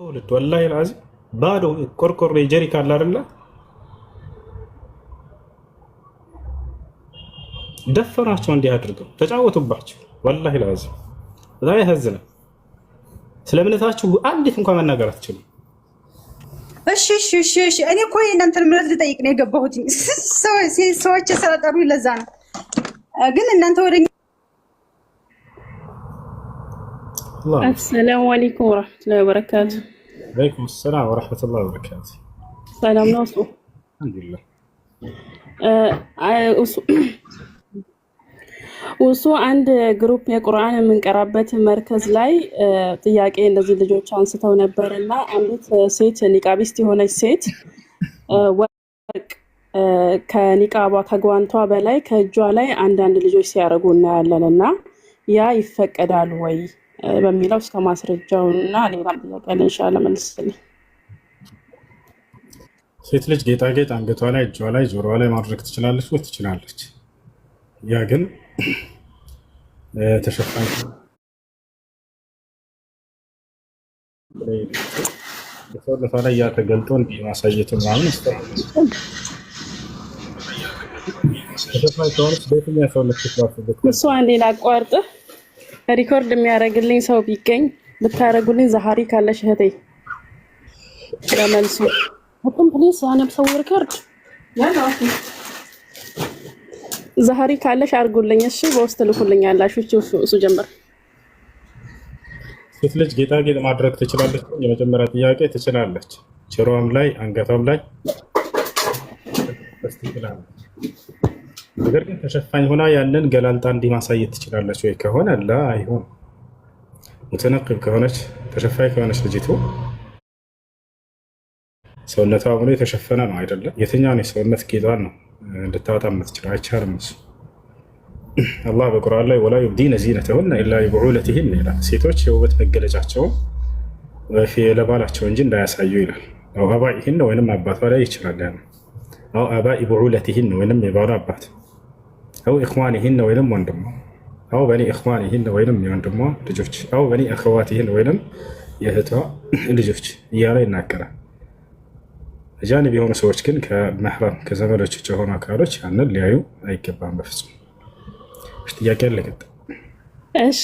ትውልድ ወላሂ አዚ ባዶ ቆርቆሮ ጀሪካ አለ አይደለ? ደፈራቸው እንዲህ አድርገው ተጫወቱባቸው። ወላሂ አዚ በጣም ያሳዝናል። ስለ እምነታችሁ አንዲት እንኳን መናገር አትችሉም። እሺ እሺ እሺ እሺ። እኔ እኮ የእናንተን ምረት ልጠይቅ ነው የገባሁት። ሰዎች ስለጠሩ ለዛ ነው። ግን እናንተ ወደ አሰላሙ አለይኩም ወረሕመቱላሂ ወበረካቱ። አለይኩም ሰላም ወረሕመቱላሂ ወበረካቱ። ሰላም ነው እሱ አልሐምዱሊላህ። እሱ አንድ ግሩፕ የቁርአን የምንቀራበት መርከዝ ላይ ጥያቄ እነዚህ ልጆች አንስተው ነበር እና አንዲት ሴት ኒቃቢስት የሆነች ሴት ወርቅ ከኒቃቧ ከጓንቷ በላይ ከእጇ ላይ አንዳንድ ልጆች ሲያደርጉ እናያለን እና ያ ይፈቀዳል ወይ? በሚለው እስከ ማስረጃው እና ሌላም ጥያቄ ያለ እንሻላ መልስልኝ። ሴት ልጅ ጌጣጌጥ አንገቷ ላይ፣ እጇ ላይ፣ ጆሮዋ ላይ ማድረግ ትችላለች ወይ? ትችላለች። ያ ግን ተሸፋኝ ሰውነቷ ላይ ያ ተገልጦ እንዲህ ማሳየት ምናምን ተሸፋኝ ከሆነች በየትኛው ሰውነት ክፍሏ እሷ ሌላ ላቋርጥ ሪኮርድ የሚያደርግልኝ ሰው ቢገኝ ብታደርጉልኝ። ዛሀሪ ካለሽ እህቴ ለመልሱ ሁም ፕሊስ ያነብ ሰው ሪኮርድ ዛሀሪ ካለሽ አርጉልኝ እሺ በውስጥ ልኩልኝ ያላችሁ እሱ ጀምር። ሴት ልጅ ጌጣጌጥ ማድረግ ትችላለች? የመጀመሪያ ጥያቄ ትችላለች። ጭሯም ላይ አንገቷም ላይ ትችላለች። ነገር ግን ተሸፋኝ ሆና ያንን ገላልጣ እንዲህ ማሳየት ትችላለች ወይ ከሆነ ላ አይሆን ሙተነቅብ ከሆነች ተሸፋኝ ከሆነች ልጅቱ ሰውነቷ ብሎ የተሸፈነ ነው አይደለም። የትኛውን የሰውነት ጌጧን ነው እንድታወጣ የምትችለው? አይቻልም። እሱ አላህ በቁርአን ላይ ወላ ዩብዲነ ዚነተሁነ ኢላ ሊቡዑለቲሂን ይላል። ሴቶች የውበት መገለጫቸውን ለባላቸው እንጂ እንዳያሳዩ ይላል። አው አባኢሂን ወይንም አባቷ ላይ ይችላል። አው አባኢ ቡዑለቲሂን ወይንም የባሉ አባት አው ኢኽዋኒሂን ወይንም ወንድሟ አው በኒ ኢኽዋኒሂን ወይንም የወንድሟ ልጆች አው በኒ አኸዋቲሂን ወይንም የእህቷ ልጆች እያለ ይናገራል። አጃንብ የሆኑ ሰዎች ግን ከመሕረም ከዘመዶች ውጭ የሆኑ አካሎች ያንን ሊያዩ አይገባም በፍጹም። ጥያቄ አለ? እሺ።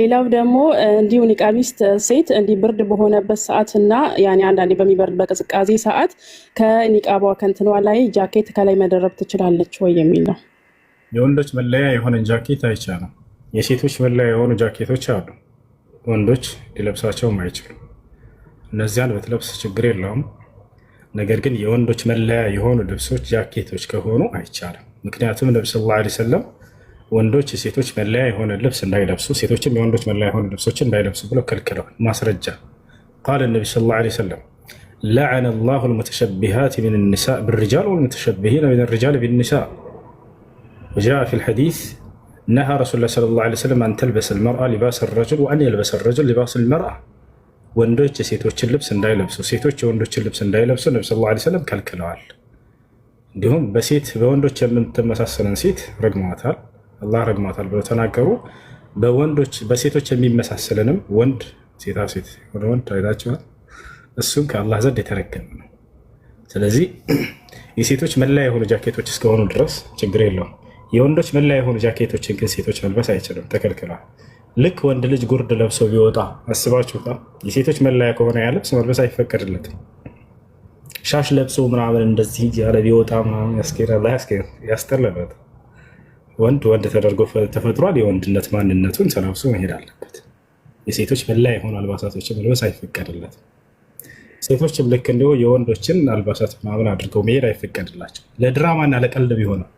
ሌላው ደግሞ እንዲሁ ኒቃቢስት ሴት እንዲህ ብርድ በሆነበት ሰዓት እና ያኔ አንዳንዴ በሚበርድ በቅዝቃዜ ሰዓት ከኒቃቧ ከንትኗ ላይ ጃኬት ከላይ መደረብ ትችላለች ወይ የሚል ነው። የወንዶች መለያ የሆነን ጃኬት አይቻልም። የሴቶች መለያ የሆኑ ጃኬቶች አሉ፣ ወንዶች ሊለብሳቸውም አይችሉ። እነዚያን በትለብስ ችግር የለውም። ነገር ግን የወንዶች መለያ የሆኑ ልብሶች ጃኬቶች ከሆኑ አይቻልም። ምክንያቱም ነቢ ሰለላሁ ላ ሰለም ወንዶች የሴቶች መለያ የሆነ ልብስ እንዳይለብሱ፣ ሴቶችም የወንዶች መለያ የሆኑ ልብሶች እንዳይለብሱ ብሎ ከልክለዋል። ማስረጃ ቃለ ነቢ ሰለላሁ ዓለይሂ ሰለም ለዐነ ላሁ ልሙተሸቢሃት ሚን ኒሳ ብርጃል ወልሙተሸቢሂነ ሚን ሪጃል ቢኒሳ وجاء في الحديث نهى رسول الله صلى الله عليه وسلم أن تلبس المرأة لباس الرجل وأن يلبس الرجل ወንዶች የሴቶችን ልብስ እንዳይለብሱ፣ ሴቶች የወንዶችን ልብስ እንዳይለብሱ ነቢ ስ ላ ሰለም ከልክለዋል። እንዲሁም በሴት በወንዶች የምትመሳሰለን ሴት ረግሟታል፣ አላህ ረግሟታል ብለው ተናገሩ። በወንዶች በሴቶች የሚመሳሰለንም ወንድ ሴታ ሴት የሆነ ወንድ አይታችኋል። እሱም ከአላህ ዘንድ የተረገመ ነው። ስለዚህ የሴቶች መለያ የሆኑ ጃኬቶች እስከሆኑ ድረስ ችግር የለውም። የወንዶች መለያ የሆኑ ጃኬቶችን ግን ሴቶች መልበስ አይችልም፣ ተከልክሏል። ልክ ወንድ ልጅ ጉርድ ለብሶ ቢወጣ አስባችሁታ። የሴቶች መለያ ከሆነ ያ ልብስ መልበስ አይፈቀድለትም። ሻሽ ለብሶ ምናምን እንደዚህ ያለ ቢወጣ ምናምን ወንድ ወንድ ተደርጎ ተፈጥሯል። የወንድነት ማንነቱን ተላብሶ መሄድ አለበት። የሴቶች መለያ የሆኑ አልባሳቶችን መልበስ አይፈቀድለትም። ሴቶችም ልክ እንዲሁ የወንዶችን አልባሳት ምናምን አድርገው መሄድ አይፈቀድላቸው። ለድራማና ለቀልድ ቢሆነው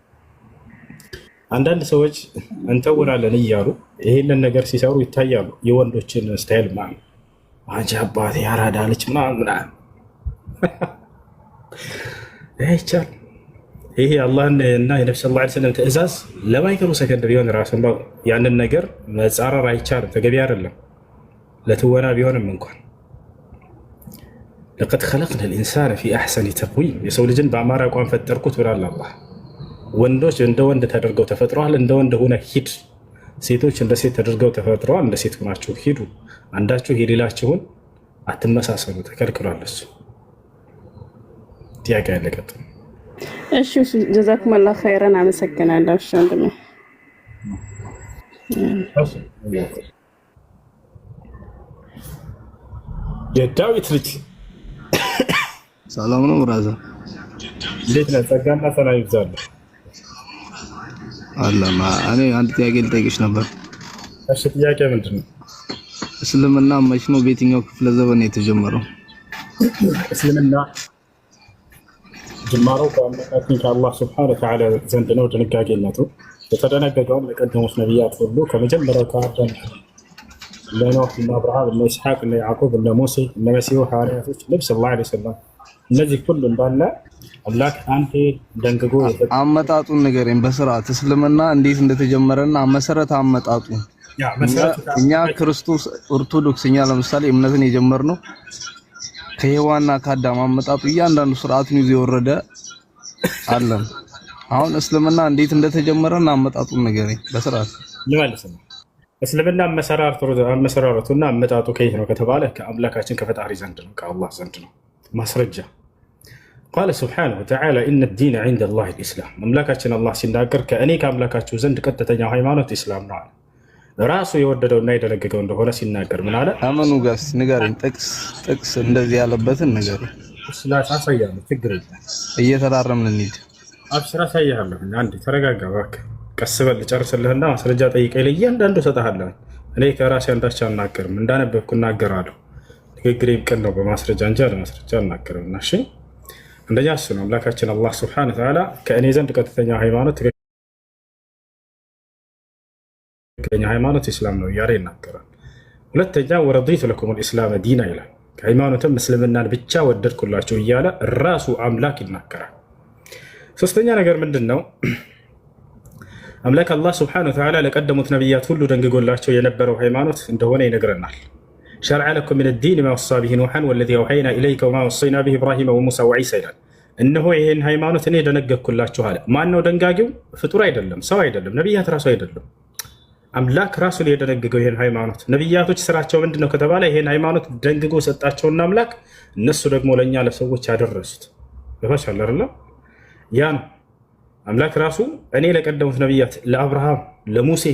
አንዳንድ ሰዎች እንተውናለን እያሉ ይህንን ነገር ሲሰሩ ይታያሉ። የወንዶችን ስታይል ማ አንቺ አባት ያራዳ ልጅ ምናምን ይቻል ይህ አላህን እና የነቢ ስ ላ ስለም ትእዛዝ ለማይከሩ ሰከንድ ቢሆን ራሱን ያንን ነገር መጻረር አይቻልም፣ ተገቢ አይደለም። ለትወና ቢሆንም እንኳን ለቀድ ከለቅነ ልኢንሳን ፊ አሕሰኒ ተቅዊም የሰው ልጅን በአማራ አቋም ፈጠርኩት ብላል አላህ ወንዶች እንደ ወንድ ተደርገው ተፈጥረዋል። እንደ ወንድ ሆነ ሂድ። ሴቶች እንደ ሴት ተደርገው ተፈጥረዋል። እንደ ሴት ሆናችሁ ሂዱ። አንዳችሁ የሌላችሁን አትመሳሰሉ። ተከልክሏል። እሱ ጥያቄ ያለቀጥ ቀጥ እሺ፣ ጀዛኩም አላ ኸይረን። አመሰግናለሁ። እሺ ወንድሜ የዳዊት ልጅ ሰላም ነው። ራዛ እንዴት ነህ? ጸጋና ሰላም ይብዛልህ። አለማ እኔ አንድ ጥያቄ ልጠይቅሽ ነበር። እሺ፣ ጥያቄ ምንድን ነው? እስልምና መች ነው በየትኛው ክፍለ ዘመን የተጀመረው? እስልምና ጅማሮ በአምላካችን ከአላህ ስብሐነ ወተዓላ ዘንድ ነው። ድንጋጌነቱ የተደነገገውን ለቀደሙት ነቢያት ሁሉ ከመጀመሪያው ከአዳም እነ ኖህ እነ አብርሃም እነ ኢስሐቅ እነ ያዕቆብ እነ ሙሴ እነ መሲሁ ሐዋርያቶች ልብስ ላ ሰላም እነዚህ ሁሉ እንዳለ አምላክ አንተ ደንግጎ አመጣጡን ንገረኝ በስርዓት እስልምና እንዴት እንደተጀመረና መሰረት አመጣጡ። እኛ ክርስቶስ ኦርቶዶክስ፣ እኛ ለምሳሌ እምነትን የጀመርነው ከሔዋና ከአዳም አመጣጡ እያንዳንዱ ስርዓቱን ይዞ የወረደ አለን። አሁን እስልምና እንዴት እንደተጀመረና አመጣጡን ንገረኝ በስርዓት ልመልስ። እስልምና መሰራርቱና አመጣጡ ከየት ነው ከተባለ ከአምላካችን ከፈጣሪ ዘንድ ነው፣ ከአላህ ዘንድ ነው። ማስረጃ ቃለ ስብሓነሁ ወተዓላ ኢነ ዲነ ዒንደ ላሂ ልኢስላም አምላካችን አላህ ሲናገር ከእኔ ከአምላካችሁ ዘንድ ቀጥተኛው ሃይማኖት ኢስላም ነው አለ። ራሱ የወደደውና የደነገገው እንደሆነ ሲናገር ምን አለ? አመኑ ጋስ ንገረኝ፣ ጥቅስ ጥቅስ እንደዚህ ያለበትን ነገር አሳያለሁ። ችግር እየተራረምን እንሂድ። አብሽር አሳያለሁ። አንዴ ተረጋጋ እባክህ፣ ቀስ በል ጨርስልህና ማስረጃ ጠይቀኝ፣ ለእያንዳንዱ እሰጥሃለሁ። እኔ ከራሴ አንዳች አናገርም፣ እንዳነበብኩ እናገራለሁ። ንግግሬ ቅን ነው፣ በማስረጃ እንጂ አለማስረጃ አናገርም። እሺ እንደኛ እሱ ነው አምላካችን አላህ ስብሐነ ተዓላ ከእኔ ዘንድ ቀጥተኛ ሃይማኖት ትክክለኛ ሃይማኖት ኢስላም ነው እያለ ይናገራል። ሁለተኛ ወረዲቱ ለኩም ልእስላም ዲና ይላል። ከሃይማኖትም እስልምናን ብቻ ወደድኩላቸው እያለ ራሱ አምላክ ይናገራል። ሶስተኛ ነገር ምንድን ነው? አምላክ አላህ ስብሐነ ተዓላ ለቀደሙት ነቢያት ሁሉ ደንግጎላቸው የነበረው ሃይማኖት እንደሆነ ይነግረናል። ሸርዐ ለኩም ሚነ ዲን ማ ወሳ ቢሂ ኑሐን ወለዚ አውሐይና ኢለይከ ወማ ወሰይና ቢሂ ኢብራሂመ ወሙሳ ወዒሳ ይላል። እነሆ ይህን ሃይማኖት እኔ ደነገግኩላችሁ አለ። ማነው ደንጋጊው? ፍጡር አይደለም፣ ሰው አይደለም፣ ነቢያት ራሱ አይደለም። አምላክ ራሱ የደነገገው ይህን ሃይማኖት። ነቢያቶች ስራቸው ምንድን ነው ከተባለ ይህን ሃይማኖት ደንግጎ ሰጣቸውና አምላክ እነሱ ደግሞ ለእኛ ለሰዎች ያደረሱት በታች አለ ያ ነው። አምላክ ራሱ እኔ ለቀደሙት ነቢያት ለአብርሃም፣ ለሙሴ፣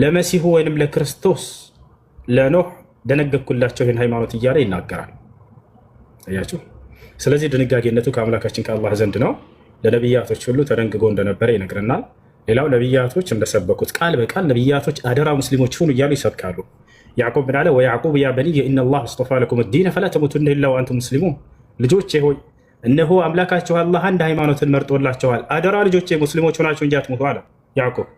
ለመሲሁ ወይንም ለክርስቶስ፣ ለኖህ ደነገግኩላቸው ይህን ሃይማኖት እያለ ይናገራል። አያችሁ። ስለዚህ ድንጋጌነቱ ከአምላካችን ከአላህ ዘንድ ነው። ለነቢያቶች ሁሉ ተደንግጎ እንደነበረ ይነግረናል። ሌላው ነቢያቶች እንደሰበኩት ቃል በቃል ነቢያቶች አደራ ሙስሊሞች ሁኑ እያሉ ይሰብካሉ። ያዕቆብ ምን አለ? ወያዕቆብ ያ በንየ ኢና ላህ አስጠፋ ለኩም ዲነ ፈላ ተሙቱነ ኢላ ወአንቱም ሙስሊሙን። ልጆቼ ሆይ እነሆ አምላካችሁ አላህ አንድ ሃይማኖትን መርጦላቸዋል። አደራ ልጆቼ ሙስሊሞች ሆናችሁ እንጂ አትሙቱ አለ ያዕቆብ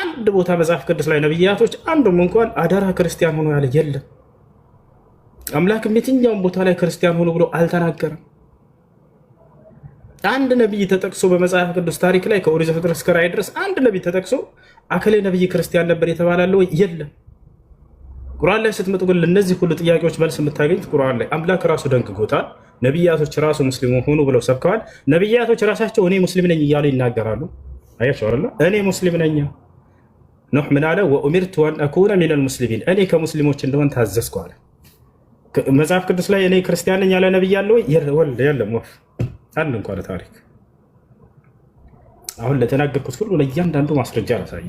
አንድ ቦታ መጽሐፍ ቅዱስ ላይ ነብያቶች አንዱም እንኳን አደራ ክርስቲያን ሆኖ ያለ የለም። አምላክም የትኛውም ቦታ ላይ ክርስቲያን ሆኖ ብሎ አልተናገረም። አንድ ነቢይ ተጠቅሶ በመጽሐፍ ቅዱስ ታሪክ ላይ ከኦሪት ዘፍጥረት እስከ ድረስ አንድ ነቢይ ተጠቅሶ አከሌ ነቢይ ክርስቲያን ነበር የተባላለ ወይ? የለም። ቁርአን ላይ ስትመጡ ግን ለእነዚህ ሁሉ ጥያቄዎች መልስ የምታገኙት ቁርአን ላይ አምላክ ራሱ ደንግጎታል። ነቢያቶች ራሱ ሙስሊሙ ሆኑ ብለው ሰብከዋል። ነቢያቶች ራሳቸው እኔ ሙስሊም ነኝ እያሉ ይናገራሉ። አያቸው እኔ ሙስሊም ነኝ ኖህ ምን አለ? ወኡሚርቱ አን አኩነ ሚነል ሙስሊሚን እኔ ከሙስሊሞች እንደሆን ታዘዝኩ አለ። መጽሐፍ ቅዱስ ላይ እኔ ክርስቲያን ነኝ ያለ ነብይ ወይ? ወልድ የለም ወፍ አንድ እንኳን ታሪክ። አሁን ለተናገርኩት ሁሉ ለእያንዳንዱ ማስረጃ ላሳይ።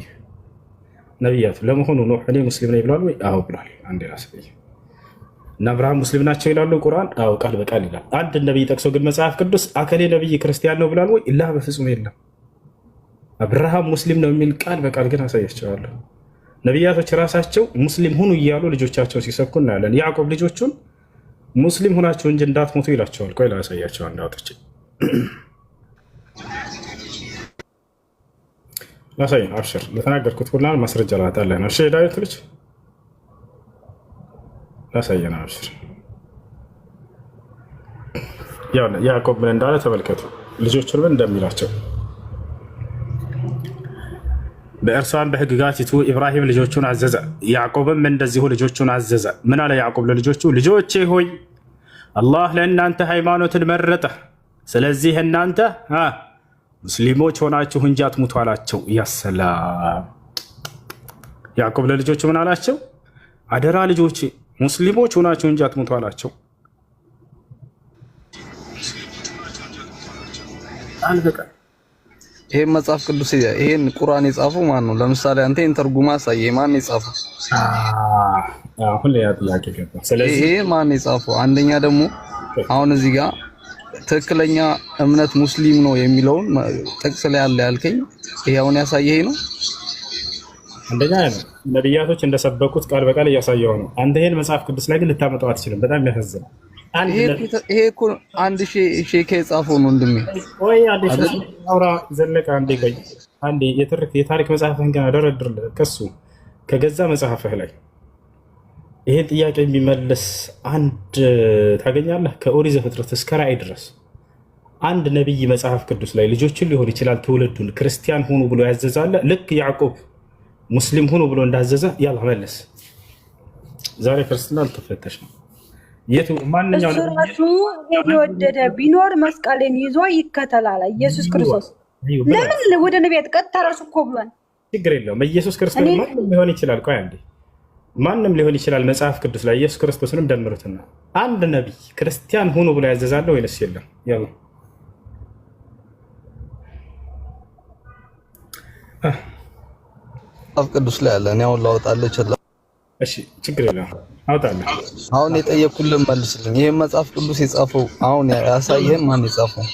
ነቢያቱ ለመሆኑ ኖህ እኔ ሙስሊም ነኝ ብሏል ወይ? አዎ ብሏል። አንድ ላሳይህ እና አብርሃም ሙስሊም ናቸው ይላሉ ቁርአን? አዎ ቃል በቃል ይላል። አንድ ነቢይ ጠቅሶ ግን መጽሐፍ ቅዱስ አከሌ ነቢይ ክርስቲያን ነው ብሏል ወይ? ላ በፍጹም የለም። አብርሃም ሙስሊም ነው የሚል ቃል በቃል ግን አሳያቸዋለሁ። ነቢያቶች ራሳቸው ሙስሊም ሁኑ እያሉ ልጆቻቸውን ሲሰብኩ እናያለን። ያዕቆብ ልጆቹን ሙስሊም ሁናቸው እንጂ እንዳትሞቱ ይላቸዋል። ቆይ ላሳያቸው አንድ ላሳይ አብሽር ለተናገርኩት ሁላ ማስረጃ ላጣለን። እሺ ዳዊት ልጅ ላሳየን። አብሽር ያዕቆብ ምን እንዳለ ተመልከቱ። ልጆቹን ምን እንደሚላቸው በእርሷም በሕግጋቲቱ ኢብራሂም ልጆቹን አዘዘ፣ ያዕቆብም እንደዚሁ ልጆቹን አዘዘ። ምን አለ ያዕቆብ ለልጆቹ? ልጆቼ ሆይ አላህ ለእናንተ ሃይማኖትን መረጠ፣ ስለዚህ እናንተ ሙስሊሞች ሆናችሁ እንጂ አትሙቱ አላቸው። ያሰላም ያዕቆብ ለልጆቹ ምን አላቸው? አደራ ልጆቼ ሙስሊሞች ሆናችሁ እንጂ አትሙቱ አላቸው። ይሄን መጽሐፍ ቅዱስ ይሄን ቁርአን የጻፈው ማን ነው? ለምሳሌ አንተ ይሄን ተርጉማ አሳየህ፣ ማን የጻፈው? ይሄ ማን የጻፈው? አንደኛ ደግሞ አሁን እዚህ ጋር ትክክለኛ እምነት ሙስሊም ነው የሚለውን ጥቅስ ላይ አለ ያልከኝ፣ ይሄ አሁን ያሳየህ ነው። አንደኛ ነው ነብያቶች እንደሰበኩት ቃል በቃል እያሳየው ነው። አንተ ይሄን መጽሐፍ ቅዱስ ላይ ግን ልታመጣው አትችልም። በጣም ያሳዝናል። ይሄ እኮ አንድ ሼክ የጻፈው ነው። ወንድሜ ወይ አውራ ዘለቀ አንዴ ቆይ አንዴ የታሪክ መጽሐፍህን ገና ደረድርልህ ከሱ ከገዛ መጽሐፍህ ላይ ይሄን ጥያቄ የሚመልስ አንድ ታገኛለህ። ከኦሪት ዘፍጥረት እስከ ራእይ ድረስ አንድ ነቢይ መጽሐፍ ቅዱስ ላይ ልጆችን ሊሆን ይችላል ትውልዱን ክርስቲያን ሁኑ ብሎ ያዘዛለ ልክ ያዕቆብ ሙስሊም ሁኑ ብሎ እንዳዘዘ ያላ መለስ ዛሬ ክርስትና ልትፈተሽ ነው። የቱ ማንኛው እሱ የወደደ ቢኖር መስቀልን ይዞ ይከተላል። ኢየሱስ ክርስቶስ ለምን ወደ ነቢያት ቀጥታ ራሱ እኮ ብሏል። ችግር የለውም። ኢየሱስ ክርስቶስ ማንም ሊሆን ይችላል። ቆይ አንዴ ማንም ሊሆን ይችላል። መጽሐፍ ቅዱስ ላይ ኢየሱስ ክርስቶስንም ደምሩትና አንድ ነቢይ ክርስቲያን ሁኑ ብሎ ያዘዛለ ወይንስ የለም? ያው መጽሐፍ ቅዱስ ላይ ያለ እኔ አሁን ላወጣለች እሺ ችግር የለም አውጣለሁ። አሁን የጠየኩልን መልስልኝ። ይህን መጽሐፍ ቅዱስ የጻፈው አሁን ያሳየህን ማን የጻፈው?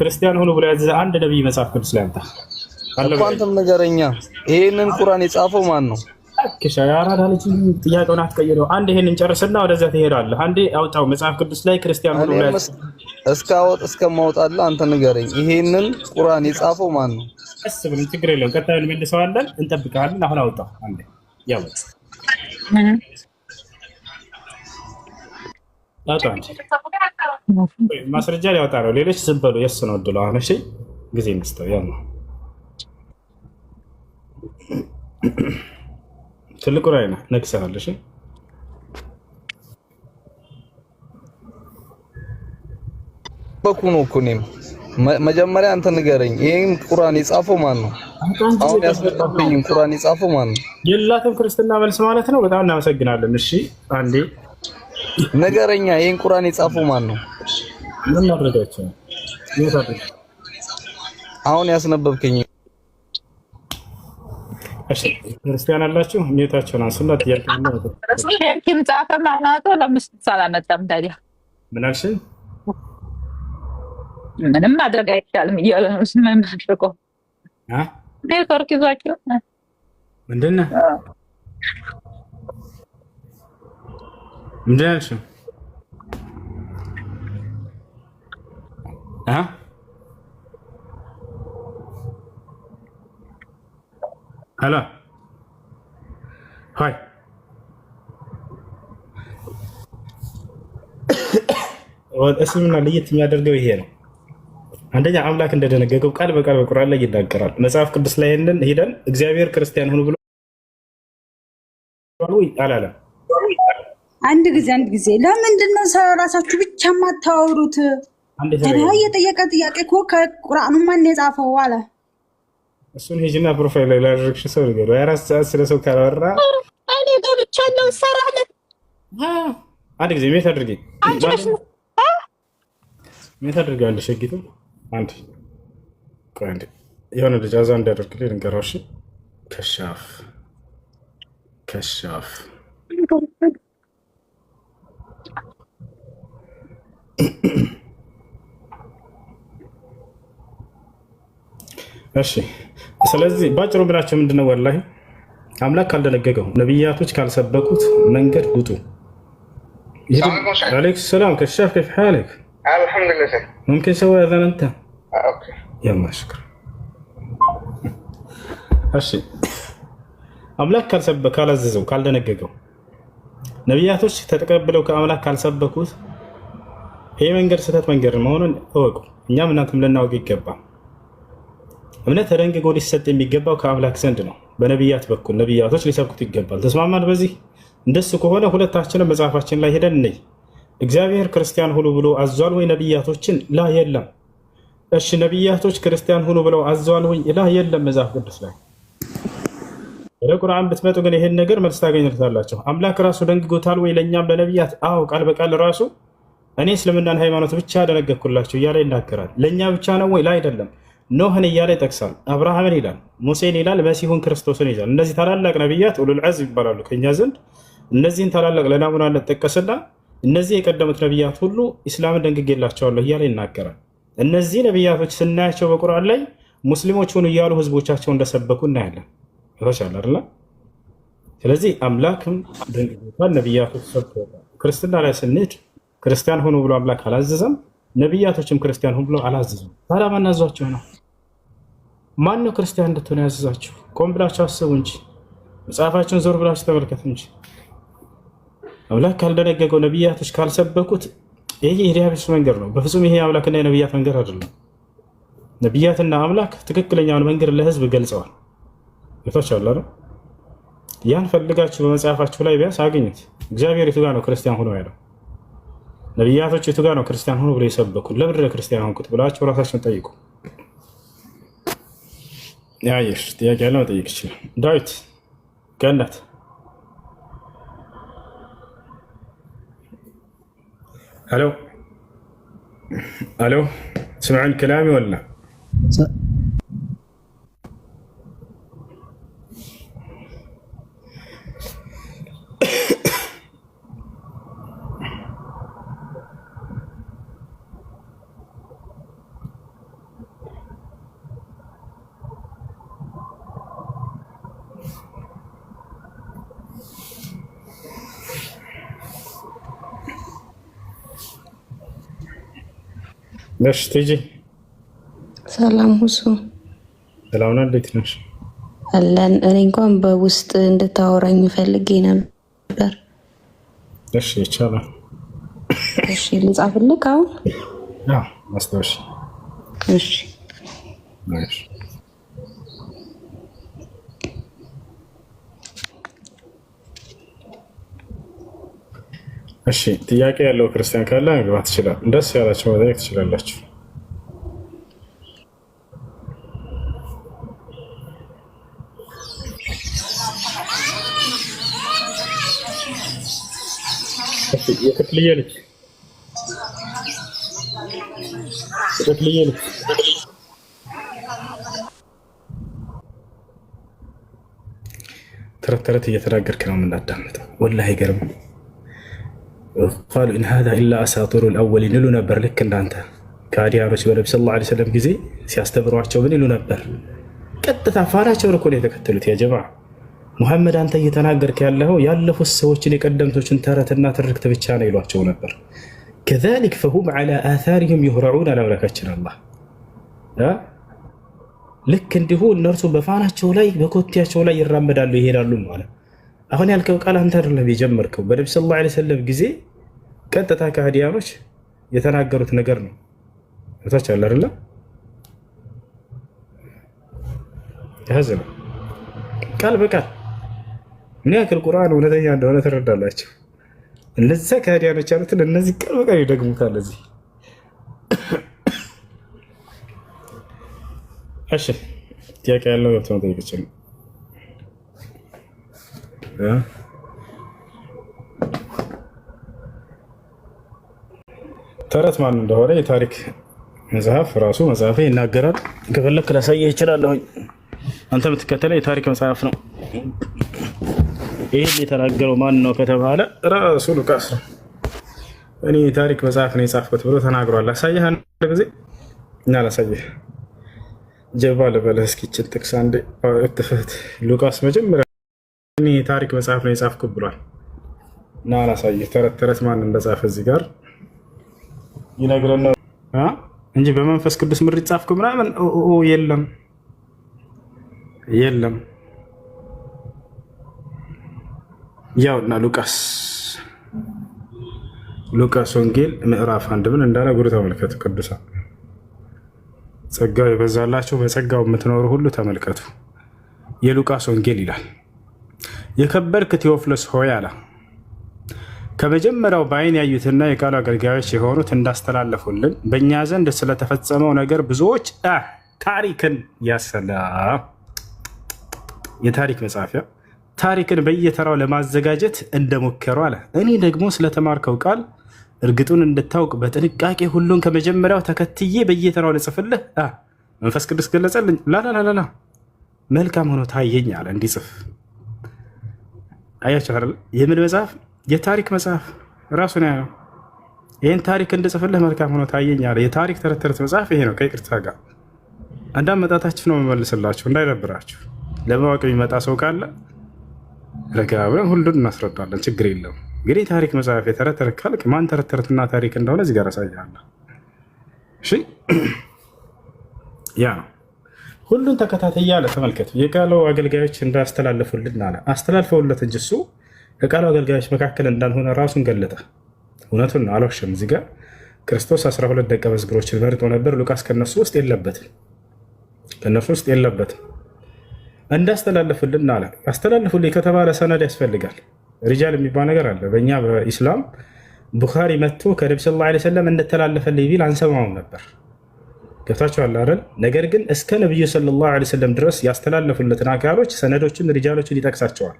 ክርስቲያን ሁኑ ብሎ ያዘዘ አንድ ነቢይ መጽሐፍ ቅዱስ ላይ አምጣ። አንተም ነገረኛ፣ ይህንን ቁራን የጻፈው ማን ነው? የአራዳ ልጅ ጥያቄውን አትቀይረው። አንድ ይሄን እንጨርስና ወደዚያ ትሄዳለህ። አንዴ አውጣው መጽሐፍ ቅዱስ ላይ ክርስቲያን ሁኑ ብሎ እስካወጥ እስከማውጣልህ አንተ ንገረኝ። ይሄንን ቁራን የጻፈው ማን ነው? ቀስ ብለን ችግር የለም። ቀጣዩን መልሰዋለን፣ እንጠብቃለን። አሁን አውጣው አንዴ Yavuz. Hı ማስረጃ ሊያወጣ ነው። ሌሎች ዝም በሉ። ነው እድሉ። አሁን እሺ፣ ጊዜ ነው ትልቁ ነው። እሺ እኮ እኔም መጀመሪያ አንተ ንገረኝ፣ ይሄም ቁርአን የጻፈው ማን ነው? አሁን ያስመጣብኝ ቁርአን የጻፈው ማን ነው? የላትም ክርስትና መልስ ማለት ነው። በጣም እናመሰግናለን። እሺ አንዴ ንገረኛ፣ ይሄን ቁርአን የጻፈው ማን ነው? ምን ማድረጋቸው አሁን ያስነበብከኝ ክርስቲያን አላችሁ ኔታቸውን አንሱና ጥያቄ ምን አልሽኝ? ምንም ማድረግ አይቻልም እያሉ ነው። ምን አድርገው ኔትወርክ ይዟቸው ምንድን ነው ምንድን ያልሽው? ሄሎ ሆይ እስልምና ለየት የሚያደርገው ይሄ ነው። አንደኛ አምላክ እንደደነገገው ቃል በቃል በቁርአን ላይ ይናገራል። መጽሐፍ ቅዱስ ላይ ንን ሄደን እግዚአብሔር ክርስቲያን ሁኑ ብሎ አላለም። አንድ ጊዜ አንድ ጊዜ ለምንድን ነው ራሳችሁ ብቻ የማታወሩት? የጠየቀ ጥያቄ እኮ ከቁርአኑ ማን የጻፈው አለ። እሱን ሂጂና ፕሮፋይል ላይ ላደረግሽ ሰው ነገር የራስ ስለ ሰው ካላወራ እኔ ገብቻ ነው ሰራለ አንድ ጊዜ ሜት አድርጌ ሜት አድርጌ አንድ ሸጊቱ አንድ ቆይ የሆነ ልጅ አዛ እንዲያደርግልኝ ልንገራው። እሺ ከሻፍ ከሻፍ እሺ ስለዚህ ባጭሩ ብላቸው ምንድነው? ወላሂ አምላክ ካልደነገገው ነቢያቶች ካልሰበኩት መንገድ ውጡ። አለይኩም ሰላም ከሻፍ ከፍ ሓለክ الحمد ممكن سوي اذان انت؟ اوكي يلا شكرا እሺ አምላክ ካልሰበ ካላዘዘው ካልደነገገው ነቢያቶች ተቀብለው ከአምላክ ካልሰበኩት ይህ መንገድ ስህተት መንገድ መሆኑን እወቁ። እኛም እናንተም ልናወቅ ይገባ እምነት ተደንግጎ ሊሰጥ የሚገባው ከአምላክ ዘንድ ነው፣ በነቢያት በኩል ነቢያቶች ሊሰብኩት ይገባል። ተስማማን በዚህ? እንደሱ ከሆነ ሁለታችንም መጽሐፋችን ላይ ሄደን እንይ እግዚአብሔር ክርስቲያን ሁኑ ብሎ አዟል ወይ ነቢያቶችን? ላ የለም። እሺ ነቢያቶች ክርስቲያን ሁኑ ብለው አዟል ወይ? ላ የለም። መጽሐፍ ቅዱስ ላይ ወደ ቁርአን ብትመጡ ግን ይሄን ነገር መልስ ታገኝታላቸው። አምላክ ራሱ ደንግጎታል ወይ ለእኛም ለነቢያት? አዎ ቃል በቃል ራሱ እኔ እስልምናን ሃይማኖት ብቻ ያደነገግኩላቸው እያለ ይናገራል። ለእኛ ብቻ ነው ወይ? ላ አይደለም። ኖህን እያለ ይጠቅሳል። አብርሃምን ይላል፣ ሙሴን ይላል፣ መሲሁን ክርስቶስን ይላል። እነዚህ ታላላቅ ነቢያት ኡሉል ይባላሉ ከኛ ዘንድ። እነዚህን ታላላቅ ለናሙና እንጠቀስና እነዚህ የቀደሙት ነቢያት ሁሉ ኢስላምን ደንግጌላቸዋለሁ እያለ ይናገራል። እነዚህ ነቢያቶች ስናያቸው በቁርአን ላይ ሙስሊሞች ሆኑ እያሉ ህዝቦቻቸው እንደሰበኩ እናያለን። ይቻል አለ። ስለዚህ አምላክም ደንግጌታል፣ ነቢያቶች ሰብከዋል። ክርስትና ላይ ስንሄድ ክርስቲያን ሆኑ ብሎ አምላክ አላዘዘም፣ ነቢያቶችም ክርስቲያን ሆኑ ብሎ አላዘዘም። ታዲያ ማናዟቸው ነው? ማን ነው ክርስቲያን እንድትሆነ ያዘዛችሁ? ቆም ብላችሁ አስቡ እንጂ መጽሐፋችሁን ዞር ብላችሁ ተመልከቱ እንጂ አምላክ ካልደነገገው ነቢያቶች ካልሰበኩት ይህ የዲያብሎስ መንገድ ነው። በፍጹም ይሄ አምላክና የነቢያት መንገድ አይደለም። ነቢያትና አምላክ ትክክለኛውን መንገድ ለህዝብ ገልጸዋል። ቤቶች አለ ነው። ያን ፈልጋችሁ በመጽሐፋችሁ ላይ ቢያንስ አገኙት። እግዚአብሔር የቱ ነው ክርስቲያን ሆኖ ያለው? ነቢያቶች የቱ ነው ክርስቲያን ሆኖ ብሎ የሰበኩ? ለምድረ ክርስቲያን ሆንኩት ብላችሁ ራሳችሁን ጠይቁ። ያየሽ ጥያቄ ያለ መጠየቅ ይችላል። ዳዊት ገነት الو الو تسمعون كلامي ولا؟ ነሽ ቲጂ? ሰላም ሁሱ፣ ሰላም ነው። እንዴት ነሽ? አለን። እኔ እንኳን በውስጥ እንድታወራኝ ፈልጌ ነበር። እሺ፣ ይቻላል። እሺ፣ ልጻፍልክ አሁን? አዎ፣ ማስታወሻ። እሺ፣ እሺ እሺ ጥያቄ ያለው ክርስቲያን ካለ መግባት ይችላል። ደስ ያላችሁ መጠየቅ ትችላላችሁ። የክፍልዬ ልጅ የክፍልዬ ልጅ ተረት ተረት እየተናገርክ ነው የምናዳምጠው። ወላሂ አይገርምም። ቃሉ ኢን ሃዛ ኢላ አሳጢሩ ልአወሊን ይሉ ነበር። ልክ እንዳንተ ከሀዲያኖች በነቢ ስ ላ ሰለም ጊዜ ሲያስተምሯቸው ምን ይሉ ነበር? ቀጥታ ፋራቸውን እኮ ነው የተከተሉት። ያ ጀማ ሙሐመድ፣ አንተ እየተናገርክ ያለኸው ያለፉት ሰዎችን የቀደምቶችን ተረትና ትርክት ብቻ ነው ይሏቸው ነበር። ከዛሊክ ፈሁም ዓላ አታሪህም ይሁረዑን አላምላካችን አላህ ልክ እንዲሁ እነርሱ በፋናቸው ላይ በኮቴያቸው ላይ ይራመዳሉ ይሄዳሉ ማለት አሁን ያልከው ቃል አንተ አይደለም የጀመርከው። በነቢ ስ ላ ሰለም ጊዜ ቀጥታ ከሀዲያኖች የተናገሩት ነገር ነው። ታች አለ አይደለ? ያዝ ነው ቃል በቃል ምን ያክል ቁርአን እውነተኛ እንደሆነ ትረዳላቸው። እነዚ ከሀዲያኖች ያሉትን እነዚህ ቃል በቃል ይደግሙታል። እዚህ እሺ ጥያቄ ያለው ገብተ መጠየቅ ይችላል። Ja. ተረት ማን እንደሆነ የታሪክ መጽሐፍ ራሱ መጽሐፍ ይናገራል። ከፈለክ ላሳየህ ይችላለሁኝ። አንተ የምትከተለው የታሪክ መጽሐፍ ነው። ይህን የተናገረው ማን ነው ከተባለ ራሱ ሉቃስ ነው። እኔ የታሪክ መጽሐፍ ነው የጻፍኩት ብሎ ተናግሯል። ላሳየህ አንድ ጊዜ እና ላሳየህ ጀባ ልበለህ እስኪ ጥቅስ አንዴ ትፍት ሉቃስ መጀመሪያ እኔ የታሪክ መጽሐፍ ነው የጻፍኩ ብሏል እና አላሳየህ። ተረት ተረት ማን እንደጻፈ እዚህ ጋር ይነግረና እንጂ በመንፈስ ቅዱስ ምር ጻፍኩ ምናምን የለም የለም። ያው እና ሉቃስ ሉቃስ ወንጌል ምዕራፍ አንድ ምን እንዳለ ጉሩ ተመልከቱ። ቅዱሳን ጸጋው የበዛላቸው በጸጋው የምትኖሩ ሁሉ ተመልከቱ። የሉቃስ ወንጌል ይላል የከበርክ ቴዎፍሎስ ሆይ አለ ከመጀመሪያው በአይን ያዩትና የቃሉ አገልጋዮች የሆኑት እንዳስተላለፉልን በእኛ ዘንድ ስለተፈጸመው ነገር ብዙዎች ታሪክን ያሰላ የታሪክ መጻፊያ ታሪክን በየተራው ለማዘጋጀት እንደሞከሩ አለ። እኔ ደግሞ ስለተማርከው ቃል እርግጡን እንድታውቅ በጥንቃቄ ሁሉን ከመጀመሪያው ተከትዬ በየተራው ልጽፍልህ መንፈስ ቅዱስ ገለጸልኝ። ላላላላ መልካም ሆኖ ታየኝ አለ እንዲጽፍ አያቸኋል። የምን መጽሐፍ? የታሪክ መጽሐፍ ራሱ ነው ያለው። ይህን ታሪክ እንድጽፍልህ መልካም ሆኖ ታየኛል። የታሪክ ተረት ተረት መጽሐፍ ይሄ ነው። ከይቅርታ ጋር መጣታችሁ ነው የምመልስላችሁ፣ እንዳይደብራችሁ። ለማወቅ የሚመጣ ሰው ካለ ረጋ ብለን ሁሉን እናስረዳለን። ችግር የለም። እንግዲህ ታሪክ መጽሐፍ የተረት ተረት ካልክ ማን ተረት ተረትና ታሪክ እንደሆነ እዚህ ጋር ያሳያለ። እሺ ያ ነው ሁሉን ተከታተያ አለ። ተመልከት የቃለው አገልጋዮች እንዳስተላለፉልን አለ አስተላልፈውለት እንጂ እሱ ከቃሉ አገልጋዮች መካከል እንዳልሆነ ራሱን ገለጠ። እውነቱን አልዋሸም። እዚህ ጋር ክርስቶስ 12 ደቀ መዝግሮችን መርጦ ነበር። ሉቃስ ከነሱ ውስጥ የለበትም፣ ከነሱ ውስጥ የለበትም። እንዳስተላለፉልን አለ። አስተላልፉልኝ ከተባለ ሰነድ ያስፈልጋል። ሪጃል የሚባል ነገር አለ። በእኛ በኢስላም ቡኻሪ መጥቶ ከነቢ ስ ላ ሰለም እንደተላለፈልኝ ቢል አንሰማውም ነበር ገብታችኋል አይደል? ነገር ግን እስከ ነቢዩ ሰለላሁ ዐለይሂ ወሰለም ድረስ ያስተላለፉለትን አካሎች ሰነዶችን፣ ሪጃሎችን ይጠቅሳቸዋል።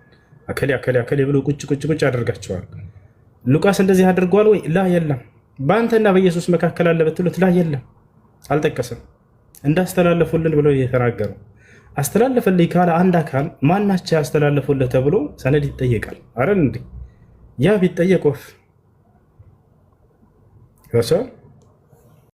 አከሌ አከሌ አከሌ ብሎ ቁጭ ቁጭ ቁጭ አድርጋቸዋል። ሉቃስ እንደዚህ አድርጓል ወይ? ላ የለም። በአንተና በኢየሱስ መካከል አለ ብትሉት ላ የለም፣ አልጠቀስም። እንዳስተላለፉልን ብሎ የተናገሩ አስተላለፈልኝ ካለ አንድ አካል ማናቸው ያስተላለፉልህ ተብሎ ሰነድ ይጠየቃል። አረን እንዲ ያ ቢጠየቅ ወፍ